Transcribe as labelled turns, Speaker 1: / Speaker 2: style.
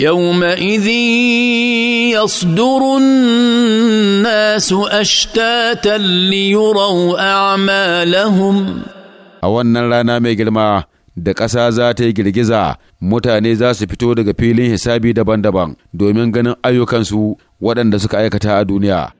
Speaker 1: يومئذ يصدر الناس اشتاتا ليروا اعمالهم
Speaker 2: a wannan rana mai girma da ƙasa za ta yi girgiza mutane za su fito daga filin hisabi daban-daban domin ganin ayyukansu waɗanda suka aikata a duniya